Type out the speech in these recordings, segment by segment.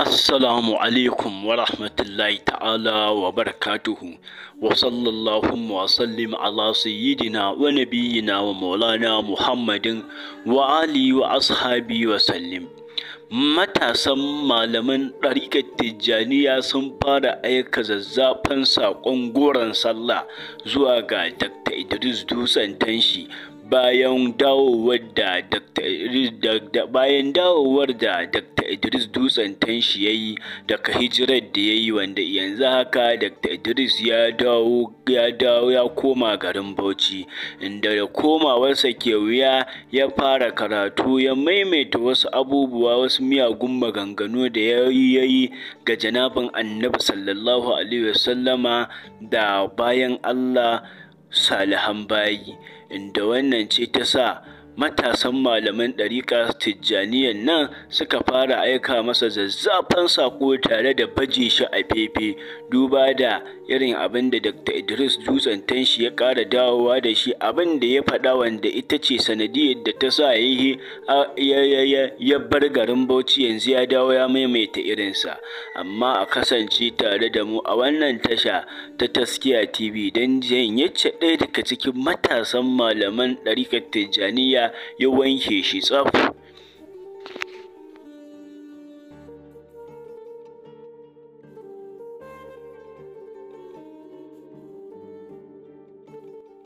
Assalamu alaikum wa rahmatullahi ta'ala wa barakatuhu wa sallallahu wa sallim ala sayyidina wa nabiyina wa maulana Muhammadin wa ali wa ashabi wa sallim. Matasan malaman ɗariƙar Tijjaniya sun fara aika zazzafan saƙon goron sallah zuwa ga Dr. Idris Dutsen Tanshi bayan dawowar da Dr. Idris bayan dawowar da Dr. Idris Dutsen Tanshi yayi daga hijirar da ya yi, wanda yanzu haka Dr. Idris ya dawo ya dawo ya koma garin Bauchi inda da komawarsa ke wuya ya fara karatu ya maimaita wasu abubuwa wasu miyagun maganganu da ya yi ga janabin Annabi sallallahu alaihi wasallama da bayan Allah salihan bayi inda wannan ce ta sa matasan malaman ɗariƙa Tijjaniyan nan suka fara aika masa zazzafan saƙo tare da baje shi a fefe duba da irin abin da Dr. Idris Dutsen Tanshi ya ƙara dawowa da shi abin da ya faɗa wanda ita ce sanadiyar da ta sa yi ya bar garin Bauchi yanzu ya dawo ya maimaita irinsa amma a kasance tare da mu a wannan tasha ta Taskiya TV don jin yacce ɗaya daga cikin matasan malaman ɗariƙar Tijjaniya ya wanke shi tsaf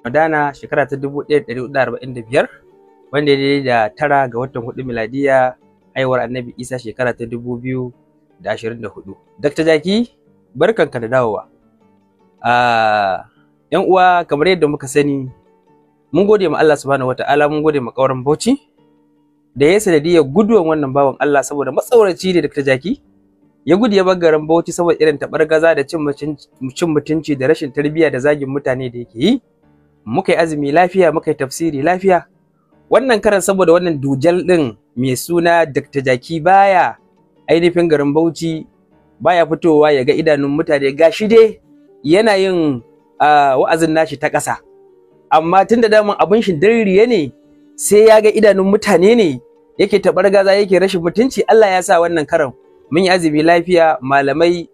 Madana shekara ta 1445 wanda ya daidai da tara ga watan hudu miladiya aiwar annabi isa shekara ta 2024 dr jaki barkanka da dawowa yan ah, uwa kamar yadda muka sani mun gode ma Allah subhanahu wataala mun gode ma kauran Bauchi da ya sanadiyar guduwan wannan bawan Allah saboda matsauraci ne Dr. Jaki ya gudu ya bar garin Bauchi saboda irin gaza da cin mutunci da rashin tarbiyya da zagin mutane da yake yi muka yi azumi lafiya muka yi tafsiri lafiya wannan karan saboda wannan dujal din mai suna Dr. Jaki baya ainihin garin Bauchi baya fitowa ya ga idanun mutane gashi dai yana yin ah, wa'azin nashi ta ƙasa amma tunda daman abin shi daririye ne sai ya ga idanun mutane ne yake tabargaza yake rashin mutunci Allah ya sa wannan karan mun yi azumi lafiya malamai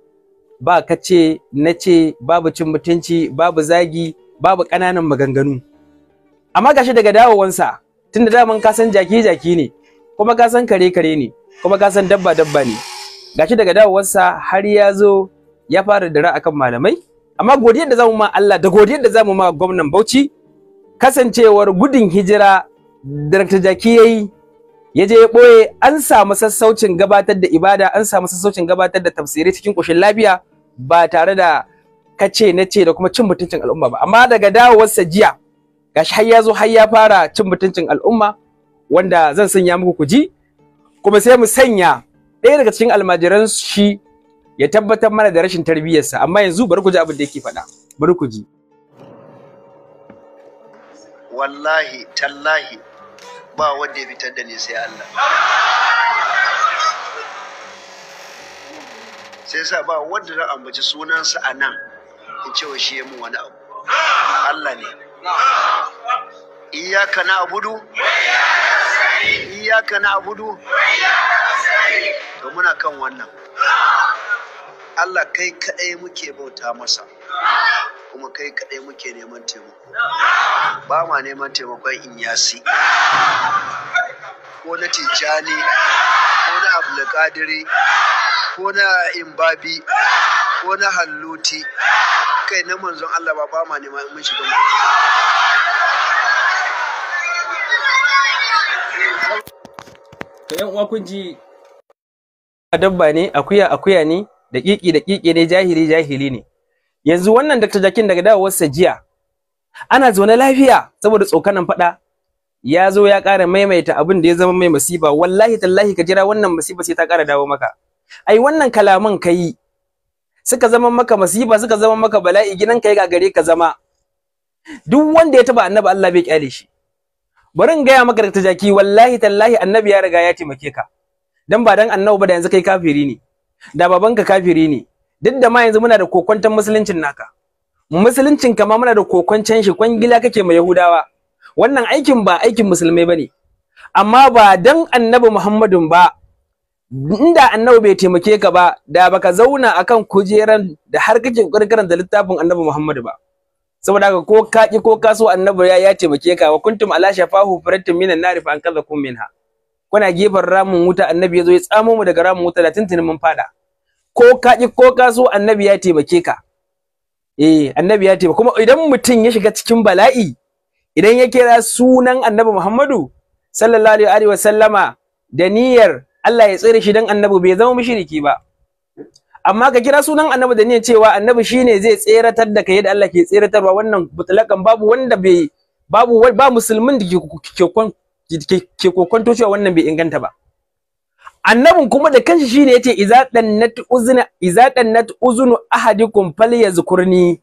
ba kace nace babu cin mutunci babu zagi babu ƙananan maganganu amma gashi daga dawowansa tunda daman ka san jaki jaki ne kuma ka san kare kare ne kuma ka san dabba dabba ne gashi daga dawowarsa har ya zo ya fara dira akan malamai amma godiyar da zamu ma Allah da godiyar da zamu ma gwamnan Bauchi kasancewar gudun hijira Dr. Jaki yayi ya je ya ɓoye an samu sassaucin gabatar da ibada an samu sassaucin gabatar da tafsirai cikin ƙoshin lafiya ba tare da kace na ce da kuma cin mutuncin al'umma ba amma daga dawowarsa jiya gashi har ya zo har ya fara cin mutuncin al'umma wanda zan sanya muku ku ji kuma sai mu sanya ɗaya daga cikin almajiran shi ya tabbatar mana da rashin tarbiyyarsa amma yanzu bari ku ji abin da yake faɗa bari ku ji wallahi tallahi ba wanda ya fitar da ni sai Allah sai sa ba wanda zan ambaci sunansa a nan in cewa shi ya mu wani abu Allah ne iyaka na abudu iyaka na abudu to muna kan wannan Allah kai kaɗai muke bauta masa kuma kai kaɗai muke neman taimako ba ma neman taimakon in yasi, ko na tijjani ko na abdulkadiri ko na imbabi ko na halluti kai na manzon Allah ba ba ma neman mun shiga Ka yan uwa kun ji dabba ne akuya akuya ne da kiki da kiki ne jahili jahili ne yanzu wannan Dr. Jakin daga dawowarsa jiya ana zaune lafiya saboda tsokanan fada ya zo ya ƙara maimaita abin da ya zama mai masiba wallahi tallahi ka jira wannan masiba sai ta ƙara dawo maka ai wannan kalaman ka yi suka zama maka masiba suka zama maka bala'i gidan ka ga gare ka zama duk wanda ya taba annabi Allah bai kyale shi bari in gaya maka Dr. Jaki wallahi tallahi annabi ya riga ya taimake ka dan ba dan annabi ba da yanzu kai kafiri ne da babanka kafiri ne duk da ma yanzu muna da kokwanton musuluncin naka musuluncin kama muna da kokwancen shi kwangila kake ma yahudawa wannan aikin ba aikin musulmai bane amma ba dan annabi muhammadun ba inda annabi bai taimake ka ba da baka zauna akan kujeran da har kake kokarin da littafin annabi muhammadu ba saboda haka ko ka ki ko ka so annabi ya ya taimake ka wa kuntum ala shafahu minan nari fa an kaza kun minha kuna gefen ramin wuta annabi ya zo ya tsamo mu daga ramin wuta da tuntunin mun fada ko ka ki ko ka so annabi ya taimake ka eh annabi ya taimake kuma idan mutum ya shiga cikin bala'i idan ya kira sunan annabi Muhammadu sallallahu alaihi wa sallama da niyyar Allah ya tsire shi dan annabi bai zama mushriki ba amma ka kira sunan annabi da niyyar cewa annabi shine zai tseratar da kai da Allah ke tseratarwa wannan butulakan babu wanda bai babu ba musulmin da ke kokon ke kokon cewa wannan bai inganta ba annabin kuma da kanshi shine yace idza dannat uzna idza dannat uzunu ahadikum falyazkurni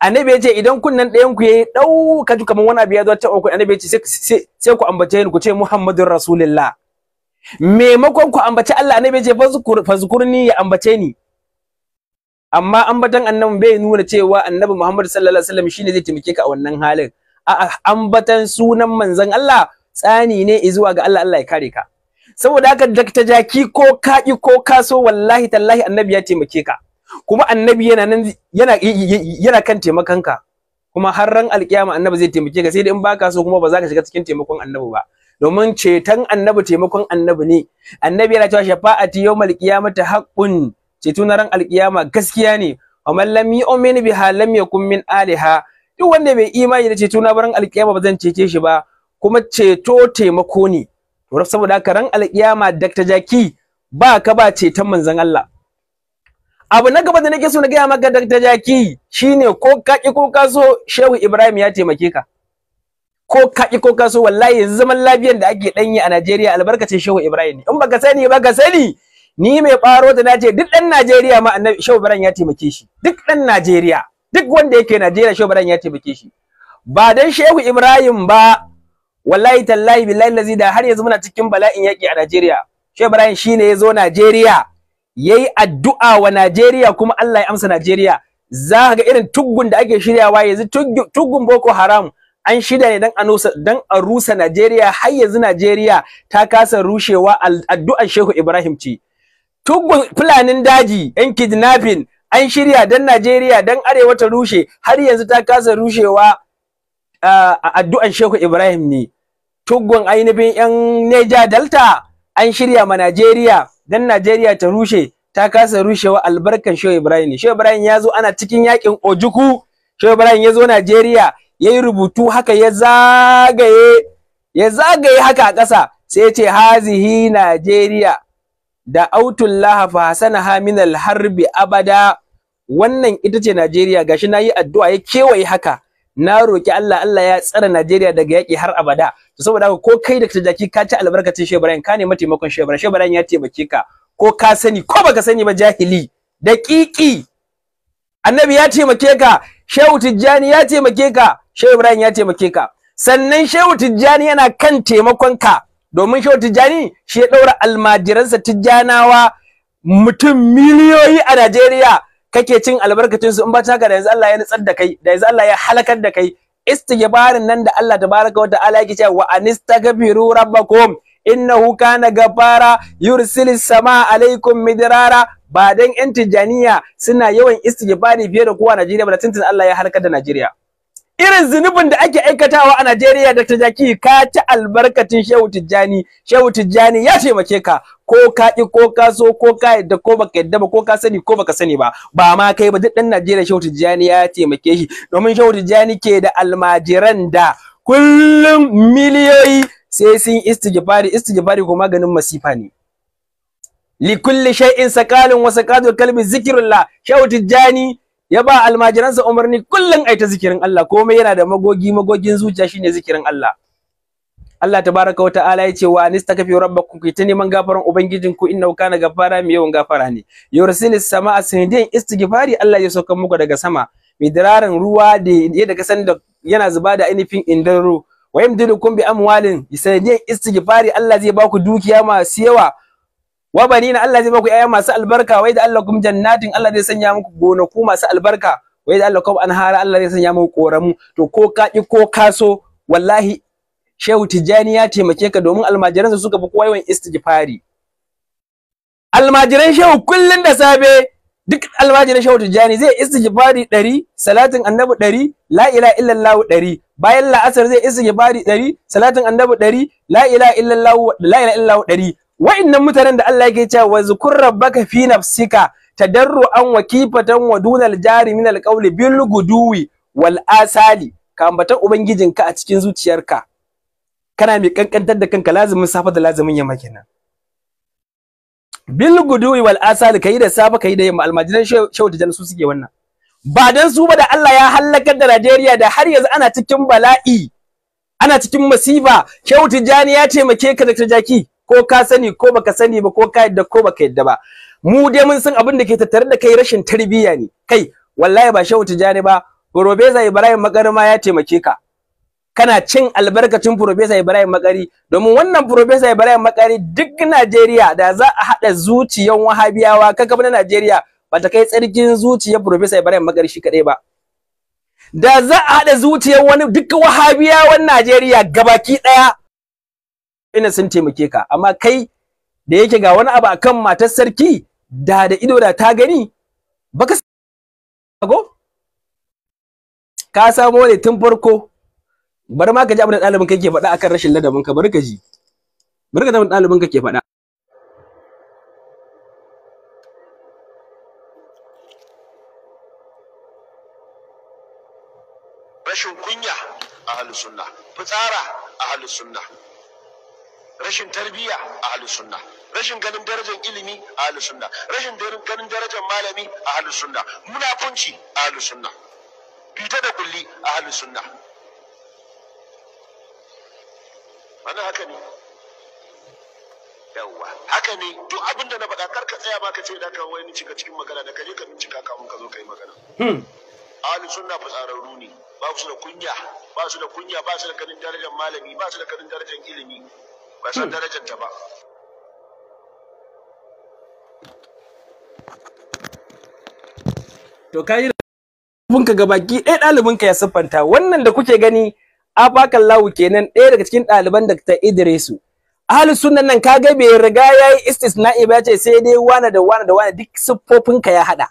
annabi yace idan kunnan ɗayan ku yayi dauka ji kaman wani abu ya zo ta uku annabi yace sai sai ku ambace ni ku ce muhammadur rasulullah maimakon ku ambace Allah annabi yace fazkurni ya ambace ni amma ambatan annabin bai nuna cewa annabi muhammad sallallahu alaihi wasallam shine zai taimake ka a wannan halin a ambatan sunan manzon Allah tsani ne zuwa ga Allah Allah ya kare ka saboda haka da ta jaki ko ka'i ko kaso wallahi tallahi annabi ya taimake ka kuma annabi yana nan yana yana kan taimakanka kuma har ran alkiyama annabi zai taimake ka sai dai in baka so kuma ba za ka shiga cikin taimakon annabi ba domin ceton annabi taimakon annabi ne annabi yana cewa shafa'ati yawmal qiyamati haqqun ceto na ran alkiyama gaskiya ne wa man lam yu'min biha lam yakun min aliha duk wanda bai imani da ceto na ran alkiyama ba zan cece shi ba kuma ceto taimako ne to saboda haka ran alkiyama Dr. Jaki ba ka ba ceton manzon Allah abu na gaba da nake so na gaya maka Dr. Jaki shine ko ka ki ko ka so Shehu Ibrahim ya taimake ka ko ka ki ko ka so wallahi yanzu zaman lafiyar da ake danyi a Najeriya albarkacin Shehu Ibrahim ne in baka sani ka sani ni mai baro da nace duk dan Najeriya ma annabi Shehu Ibrahim ya taimake shi duk dan Najeriya duk wanda yake Najeriya Shehu Ibrahim ya taimake shi ba dan Shehu Ibrahim ba wallahi tallahi billahi lazi da har yanzu muna cikin bala'in yaƙi a Najeriya Shehu Ibrahim ne ya zo Najeriya yayi addu'a wa Najeriya kuma Allah ya amsa Najeriya za ga irin tuggun da ake shiryawa yanzu tuggun Boko Haram an shida ne dan anusa dan a rusa Najeriya har yanzu Najeriya ta kasa rushewa addu'ar Shehu Ibrahim ce tuggun fulanin daji yan kidnapping an shirya dan Najeriya dan arewa ta rushe har yanzu ta kasa rushewa addu'an Shehu Ibrahim ne tuggun ainihin yan Neja Delta an shirya ma Najeriya dan Najeriya ta rushe ta kasa rushewa albarkan Shehu Ibrahim ne Shehu Ibrahim ya zo ana cikin yakin Ojuku Shehu Ibrahim ya zo Najeriya yayi rubutu haka ya zagaye ya zagaye haka a ƙasa sai ya ce hazihi Najeriya da autullaha fa hasanaha min alharbi abada wannan ita ce Najeriya gashi nayi addu'a ya kewaye haka na roki Allah Allah ya tsara Najeriya daga yaki har abada to saboda haka ko kai da jaki ka ci albarkacin Shehu Ibrahim ka nemi taimakon Shehu Ibrahim Shehu Ibrahim ya taimake ka ko ka sani ko baka sani ba jahili daƙiƙi annabi ya taimake ka Shehu Tijjani ya taimake ka Shehu Ibrahim ya taimake ka sannan Shehu Tijjani yana kan taimakon ka domin Shehu Tijjani shi ya daura almajiransa Tijjanawa mutum miliyoyi a Najeriya kake cin albarkacin su in ba ta haka da yanzu Allah ya nutsar da kai da yanzu Allah ya halakar da kai istighfarin nan da Allah tabaraka wa ta'ala yake cewa wa anistaghfiru rabbakum innahu kana gafara yursilu samaa alaikum midrara ba dan yan Tijjaniya suna yawan istighfari fiye da kowa Najeriya ba da tuntun Allah ya halakar da Najeriya irin zunubin da ake aikatawa a Najeriya Dr. Jaki ka ci albarkacin Shehu Tijjani Shehu Tijjani ya taimake ka ko ka ki ko ka so ko ka yadda ko baka yadda ba ko ka sani ko baka sani ba ba ma kai ba duk dan Najeriya Shehu Tijjani ya taimake shi domin Shehu Tijjani ke da almajiran da kullum miliyoyi sai sun istighfari istighfari ko maganin masifa ne li kulli shay'in sakalun wa kalbi zikrullah Shehu Tijjani ya ba almajiransa umarni kullum ai ta zikirin Allah komai yana da magogi magogin zuciya shine zikirin Allah Allah tabaraka wa ta'ala ya ce wa anistakafi rabbakum ku ta neman gafaran ubangijinku innahu kana gafara mai yawan gafara ne yursilis sama'a sanadiyan istighfari Allah ya sauka muku daga sama Midrarin ruwa da ya daga san da yana zuba da ainihin indaro wa yamdidukum bi amwalin sanadiyan istighfari Allah zai ba ku dukiya masu yawa wa na Allah zai baku ƴaƴa masu albarka wai da Allah kum jannatin Allah zai sanya muku gonaku masu albarka wai da Allah kum anhara Allah zai sanya muku koramu to ko ka ki ko ka so wallahi Shehu Tijani ya taimake ka domin almajiransa suka fi kowa yawan istighfari almajiran Shehu kullun da safe duk almajiran Shehu Tijani zai istighfari 100 salatin annabi 100 la ilaha illallah 100 bayan la'asar zai istighfari 100 salatin annabi 100 la ilaha illallah la ilaha illallah 100 wa'annan mutanen da Allah yake cewa wazkur rabbaka fi nafsika tadarruan wa kifatan wa dunal jari min alqawli bil guduwi wal asali ka ambata ubangijinka a cikin zuciyarka kana mai kankantar da kanka lazumin safa da lazumin yamma kenan bil guduwi wal asali kai da safa kai da yamma almajiran shawta jan su suke wannan ba dan su ba da Allah ya halakar da Najeriya da har yanzu ana cikin bala'i ana cikin masifa kyautu jani ya taimake ka da jaki ko ka sani ko baka sani ba ko ka yadda ko baka yadda ba mu dai mun san abin da ke tattare da kai rashin tarbiyya ne kai wallahi ba shehu tijani ba Profesa Ibrahim Makari ma ya taimake ka kana cin albarkacin Profesa Ibrahim Makari domin wannan Profesa Ibrahim Makari duk Najeriya da za a haɗa zuciyan Wahabiyawa kaga na Najeriya ba ta kai tsarkin zuciyar Profesa Ibrahim Makari shi kaɗai ba da za a haɗa zuciyar wani duk Wahabiyawan Najeriya gabaki ɗaya ina sun taimake ka amma kai da yake ga wani abu akan matar sarki da da ido da ta gani baka go ka samo ne tun farko bari ma ka ji abin da ɗalibin kake faɗa akan rashin ladabin ka bari ka ji bari ka ji abin da ɗalibin kake faɗa rashin kunya a halin sunna fitsara a halin sunna rashin tarbiyya a ahlus sunna rashin ganin darajar ilimi a ahlus sunna rashin ganin darajar malami a ahlus sunna munafunci a ahlus sunna fita da kulli a ahlus sunna wannan haka ne yawwa haka ne duk abin da na faɗa kar ka tsaya ma ka ce da ka wani cika cikin magana da ka je ka bincika kamun ka zo ka yi magana hmm. ahli sunna tsararru ne ba su da kunya ba su da kunya ba su da kanin darajar malami ba su da kanin darajar ilimi ba san hmm. darajar ta ba to kai ga baki ɗaya ka ya siffanta wannan da kuke gani a bakan lawu kenan ɗaya daga cikin ɗaliban Dr. Idrisu ahli sunan nan kaga bai riga yayi istisna'i ba ce sai dai wani da wani da wani duk siffofinka ya haɗa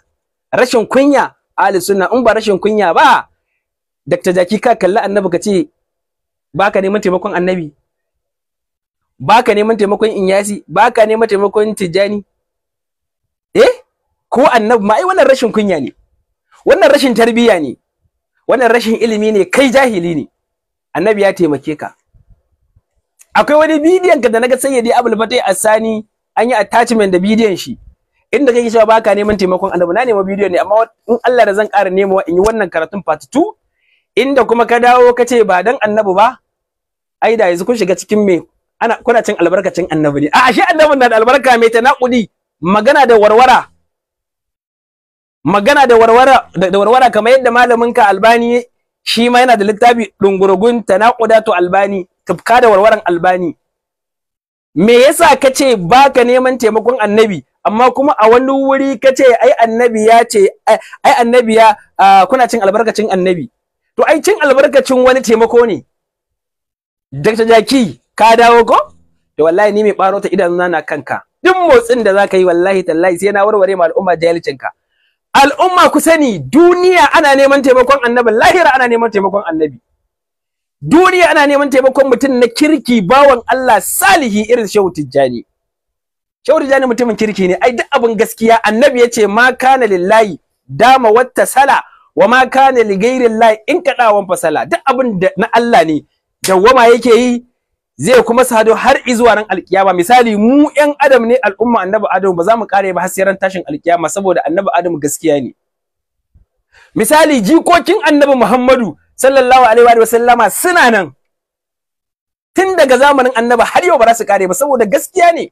rashin kunya ahli sunna in ba rashin kunya ba Dr. Jaki ka kalli annabi ka ce baka neman taimakon annabi baka neman taimakon inyasi baka neman taimakon tijani eh ko annabi ma ai wannan rashin kunya ne wannan rashin tarbiyya ne wannan rashin ilimi ne kai jahili ne annabi ya taimake ka akwai wani bidiyon ka da naga sayyidi abul fatai asani an yi attachment da bidiyon shi inda kake cewa baka neman taimakon annabi na nema bidiyon ne amma in Allah da zan ƙara nemawa in yi wannan karatun part 2 inda kuma ka dawo ka ce ba dan annabi ba ai da yanzu kun shiga cikin me ana kuna cin albarkacin annabi ne a ashe annabin na da albarka mai ta naƙudi magana da warwara magana da warwara da warwara kamar yadda malamin ka albani shi ma yana da littafi ta naƙuda to albani tufka da warwaran albani me yasa kace baka neman taimakon annabi amma kuma a wani wuri kace ai annabi ya ce ai annabi ya kuna cin albarkacin annabi to ai cin albarkacin wani taimako ne Dr. Jackie ka dawo ko to wallahi ni mai baro ta idanuna na kanka duk motsin da zaka yi wallahi tallahi sai na warware ma al'umma jahilcin ka al'umma ku sani duniya ana neman taimakon annabi lahira ana neman taimakon annabi duniya ana neman taimakon mutum na kirki bawan Allah salihi irin Shehu Tijjani Shehu Tijjani mutumin kirki ne ai duk abin gaskiya annabi yace ma kana lillahi dama watta sala wa ma kana li in kadawan fasala duk abin da na Allah ne dawwama yake yi zai kuma sado har izuwa ran alkiyama misali mu yan adam ne al'umma annabi adam ba za mu kare ba har sai ran tashin alkiyama saboda annabi adam gaskiya ne misali jikokin annabi muhammadu sallallahu alaihi wa sallama suna nan tun daga zamanin annabi har yau ba za su kare ba saboda gaskiya ne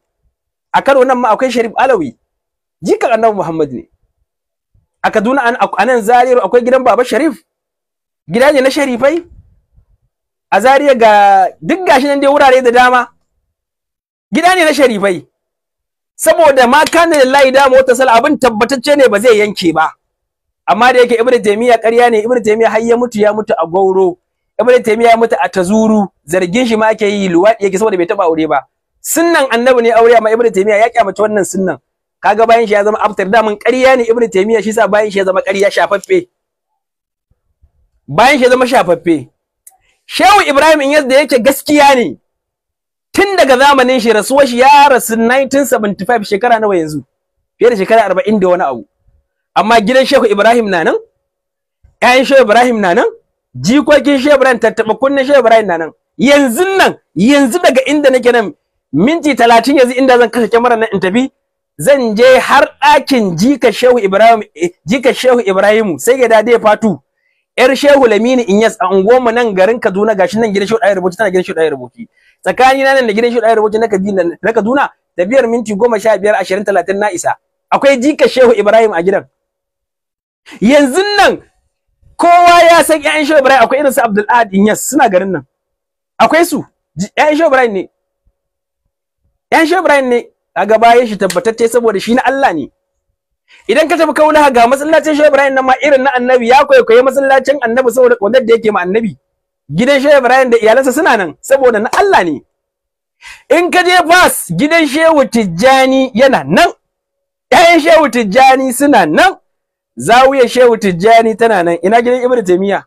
a karo nan ma akwai sharif alawi jikan annabi Muhammadu ne a kaduna a nan zariru akwai gidan baba sharif gida ne na sharifai a zariya ga duk gashi nan dai wurare da dama gida ne na sharifai saboda ma kana lillahi da sal. abin tabbatacce ne ba zai yanke ba amma da yake ibnu taymiya ƙarya ne ibnu taymiya har ya mutu ya mutu a gauro ibnu taymiya ya mutu a tazuru zargin shi ma ake yi luwadi yake saboda bai taba aure ba sunnan annabi ne aure amma ibnu taymiya ya kyamata wannan sunnan kaga bayan shi ya zama aftar da mun ƙarya ne ibnu taymiya shi sa bayan shi ya zama ƙarya shafaffe bayan shi ya zama shafaffe Shehu Ibrahim Inyas da yake gaskiya ne tun daga zamanin shi rasuwar shi ya rasu 1975 shekara nawa yanzu fiye da shekara 40 da wani abu amma gidan Shehu Ibrahim na nan ƴaƴan Shehu Ibrahim na nan jikokin Shehu Ibrahim tattaba kunnen Shehu Ibrahim na nan yanzu nan yanzu daga inda nake nan minti 30 yanzu inda zan kashe kyamara nan in tafi zan je har ɗakin jika Shehu Ibrahim eh, jika Shehu Ibrahim sai ga dade fatu yar shehu lamini inyas a mu nan garin kaduna gashi nan gidan shehu ɗaya rubuci tana gidan shehu ɗaya rubuci tsakani na nan da gidan shehu ɗaya rubuci na kaduna da biyar minti goma sha biyar ashirin talatin na isa akwai jika shehu ibrahim a gidan yanzu nan kowa ya san ƴaƴan shehu ibrahim akwai irin su abdul ahad yas suna garin nan akwai su ƴaƴan shehu ibrahim ne ƴaƴan shehu ibrahim ne a gaba ya shi tabbatacce saboda shi na allah ne idan ka tafi kauna ga masallacin shehu ibrahim nan ma irin na annabi ya kwaikwayi masallacin annabi saboda ƙaunar da yake ma annabi gidan shehu ibrahim da iyalansa suna nan saboda na allah ne in ka je bas, gidan shehu tijjani yana nan Yayin shehu tijjani suna nan zawiya shehu tijjani tana nan ina gidan ibnu taymiya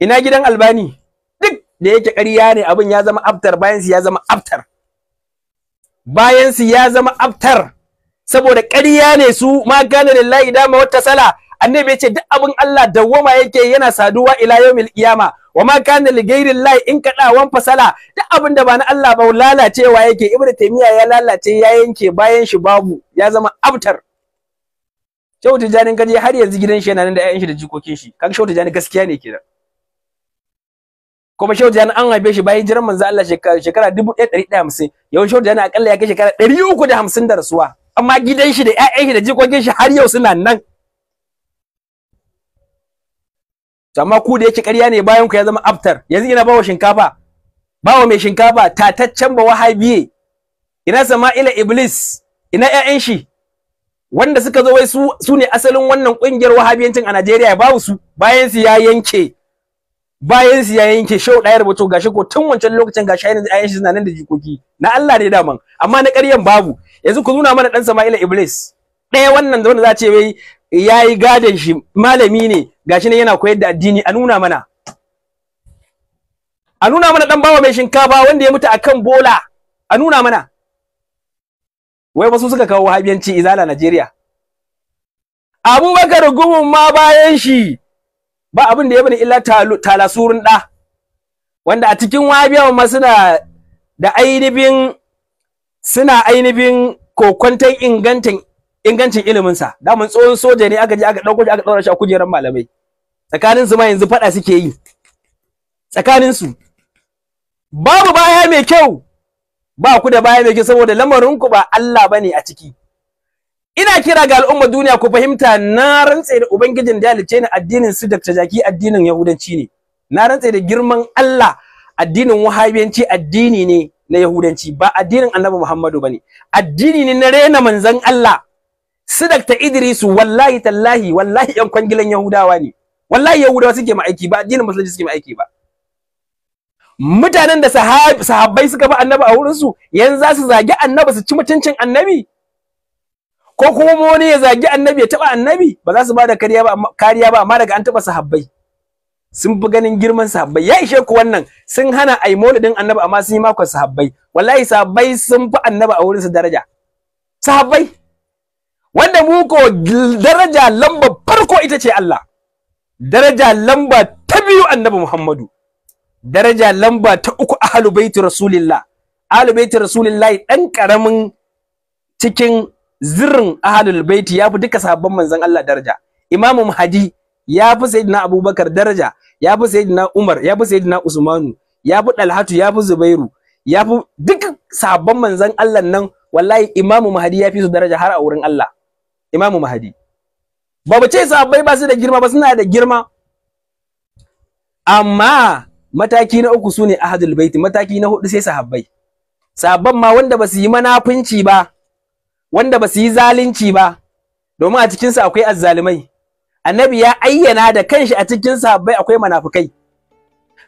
ina gidan albani duk da yake ƙarya ne abin ya zama aftar bayan su ya zama aftar bayan su ya zama aftar saboda ƙarya ne su ma gane lillahi dama wata sala annabi yace duk abin Allah dawwama yake yana saduwa ila yawmil qiyama wa ma kana li ghairi llahi in kada wan fasala duk abin da ba na Allah ba lalacewa yake ibnu taymiya ya lalace ya yanke bayan shi babu ya zama abtar Shehu Tijjani kaji har yanzu gidan shi yana nan da ƴaƴan shi da jikokin shi kaga Shehu Tijjani gaskiya ne kenan kuma Shehu Tijjani an haife shi bayan jiran manzo Allah shekara 1150 yau Shehu Tijjani akalla ya kai shekara 350 da rasuwa amma gidan shi da ƴaƴan shi da jikokin shi har yau suna nan amma ku da yake ƙarya ne bayan ku ya zama aftar yanzu ina bawa shinkafa bawa mai shinkafa tataccen ba wahabiye ina sama'ila iblis ina ƴaƴan shi wanda suka zo wai su su ne asalin wannan kungiyar wahabiyancin a Najeriya babu su bayan su ya yanke bayan su ya yanke shau ɗaya rubutu gashi ko tun wancan lokacin gashi yanzu 'ya'yan shi suna nan da jikoki na Allah ne daman amma na ƙaryan babu yanzu ku nuna mana dan Sama'ila Iblis ɗaya wannan da wanda za a ce wai yayi gadon shi malami ne gashi ne yana koyar da addini a nuna mana a nuna mana dan bawa mai shinkafa wanda ya mutu akan bola a nuna mana wai wasu suka kawo wahabiyanci izala Najeriya Abubakar gumin ma bayan shi ba abin da ya bani illa talasurin ɗa wanda a cikin wahabiyawa ma suna da ainihin suna ainihin kokwantan ingancin ingancin iliminsa mun tsohon soja ne aka je aka dauko shi aka daura shi a kujerar malamai tsakanin su ma yanzu faɗa suke yi tsakanin su babu baya mai kyau ba ku da baya mai kyau saboda lamarin ku ba Allah bane a ciki ina kira ga al'umma duniya ku fahimta na rantse da ubangijin da halice ni addinin su Dr. Jaki addinin Yahudanci ne na rantse da girman Allah addinin Wahabiyanci addini ne na yahudanci ba addinin annabi muhammadu bane addini ne na rena manzan Allah Sidakta idrisu wallahi tallahi wallahi yan kwangilan yahudawa ne wallahi yahudawa suke mu aiki ba addinin musulunci suke mu aiki ba mutanen da sahabbai suka bi annabi a wurin su yanzu za su zagi annabi su ci mutuncin annabi ko kuma wani ya zagi annabi ya taba annabi ba za su ba da kariya ba amma daga an taba sahabbai sun fi ganin girman sahabbai ya ishe ku wannan sun hana ai maulidin annabi amma sun yi makon sahabbai wallahi sahabbai sun fi annabi a wurin su daraja sahabbai wanda mu ko daraja lamba farko ita ce Allah daraja lamba ta biyu annabi Muhammadu daraja lamba ta uku ahlul baiti rasulillah ahlul baiti rasulillah dan karamin cikin zirin ahlul baiti fi duka sahabban manzon Allah daraja imamu mahdi ya fi sayyidina abubakar daraja ya fi sayyidina umar ya fi sayyidina usmanu ya fi dalhatu ya fi zubairu ya fi duk sabon manzan Allah nan wallahi imamu mahadi ya fi su daraja har a wurin Allah imamu mahadi ba mu ce sahabbai ba su da girma ba suna da girma amma mataki na uku su sune ahadul baiti mataki na hudu sai sahabbai sabon ma wanda ba su yi manafinci ba wanda ba su yi zalunci ba domin a cikinsu akwai azzalumai annabi ya ayyana da kanshi a cikin sahabbai akwai munafukai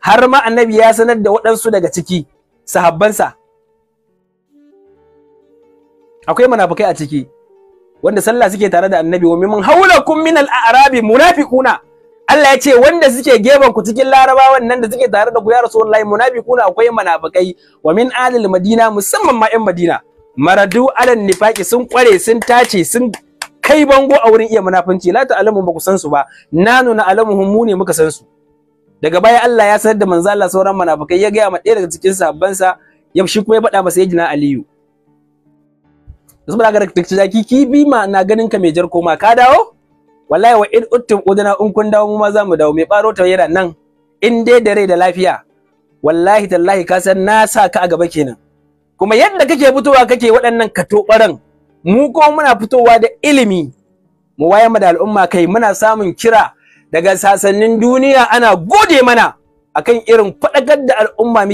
har ma annabi ya sanar da waɗansu daga ciki sahabbansa akwai munafukai a ciki wanda sallah suke tare da annabi wa mimman haulakum min al-arabi munafiquna Allah ya ce wanda suke gefen ku cikin larabawan nan da suke tare da ku ya rasulullahi munafiquna akwai munafikai wa min alil madina musamman ma yan madina maradu alal nifaqi sun kware sun tace sun kai bango a wurin iya munafanci la ta'lamu ba ku san su ba nanu na alamuhum mu ne muka san su daga baya Allah ya sanar da manzo Allah sauran munafikai ya gaya ma ɗaya daga cikin sahabban sa ya shi kuma ya faɗa masa yajina Aliyu saboda ga dakta ki bi ma na ganin ka mai jar koma ka dawo wallahi wa in uttum udana in kun dawo mu ma za dawo mai baro ta yana nan in dai da rai da lafiya wallahi tallahi ka san na sa ka a gaba kenan kuma yadda kake fitowa kake waɗannan katobaran mu ko muna fitowa da ilimi mu wayar da al'umma kai muna samun kira daga sasannin duniya ana gode mana akan irin faɗakar da al'umma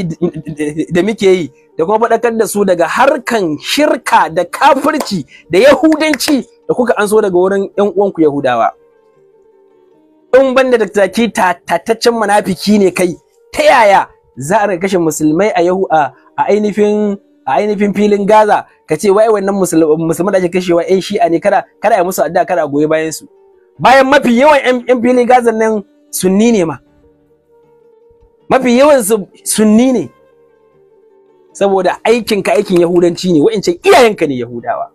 da muke yi da kuma faɗakar da su daga harkan shirka da kafirci da yahudanci da kuka so daga wurin ƴan uwanku yahudawa in banda da taki tataccen munafiki ne kai ta yaya za a kashe musulmai a yahu a ainihin a ainihin filin Gaza ka ce wai wannan musulmi da ake kashewa 'yan shi'a ne kada kada ya musu addu'a kada a goyi bayan su bayan mafi yawan 'yan filin Gaza nan sunni ne ma mafi yawan su sunni ne saboda aikin ka aikin yahudanci ne wa'ancan iyayenka ne yahudawa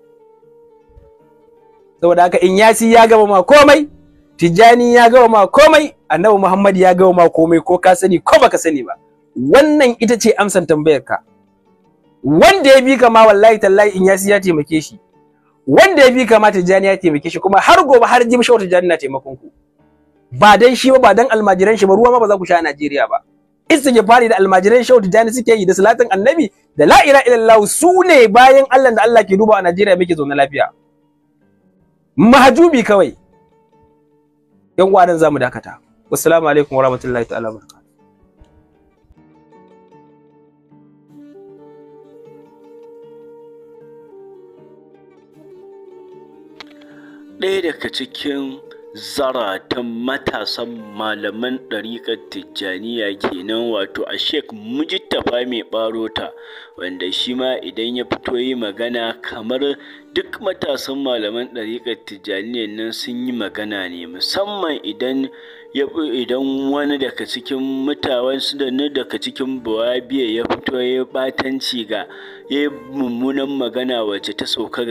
saboda haka in yasi ya gaba ma komai tijjani ya gama ma komai annabi muhammad ya gama ma komai ko ka sani ko baka sani ba wannan ita ce amsan tambayar ka wanda ya bi ka ma wallahi tallahi in yasi ya taimake shi wanda ya bi ka ma tijjani ya taimake shi kuma har gobe har jibi shawar tijjani na taimakon ku ba dan shi ba ba dan almajiran shi ba ruwa ma ba za ku sha a Najeriya ba istighfari da almajiran shawar tijjani suke yi da salatin annabi da la ilaha illallah su ne bayan Allah da Allah ke duba a Najeriya muke zaune lafiya mahajubi kawai yan uwa zamu dakata wassalamu alaikum warahmatullahi ta'ala ɗaya daga cikin zaratan matasan malaman ɗariƙar tijjaniya kenan wato a sheik mujittafa mai ta wanda shi ma idan ya fito yi magana kamar duk matasan malaman ɗariƙar tijjaniya nan sun yi magana ne musamman idan ya idan wani daga cikin su da ni daga cikin buwabiya ya fito ya batanci ga ya mummunan magana wacce ta sauka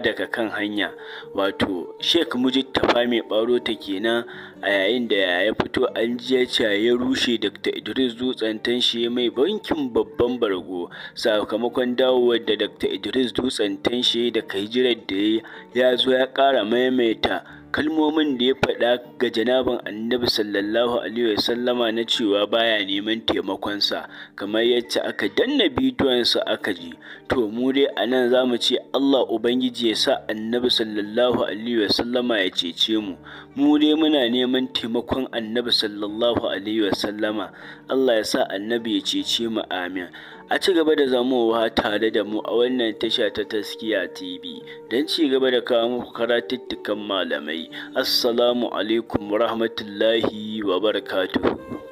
daga kan hanya wato sheik mujib tafa mai baro ta kenan a yayin da ya fito an ji ya ya rushe dr idris dutsen tanshi mai bankin babban bargo sakamakon dawowar da dr idris dutsen tanshi daga hijirar da ya zo ya kara maimaita kalmomin da ya faɗa ga janabin annabi sallallahu alaihi wasallama na cewa baya neman taimakonsa kamar yadda aka danna bidiyonsa aka ji to mu dai a nan za ce allah ubangiji ya sa annabi sallallahu alaihi wasallama ya cece mu mu dai muna neman taimakon annabi sallallahu alaihi wasallama allah ya sa annabi ya cece mu amin A ci gaba da zamowa tare da mu a wannan tasha ta Taskiya TV don ci gaba da kawo muku karatuttukan malamai. Assalamu alaikum wa rahmatullahi wa barakatuhu.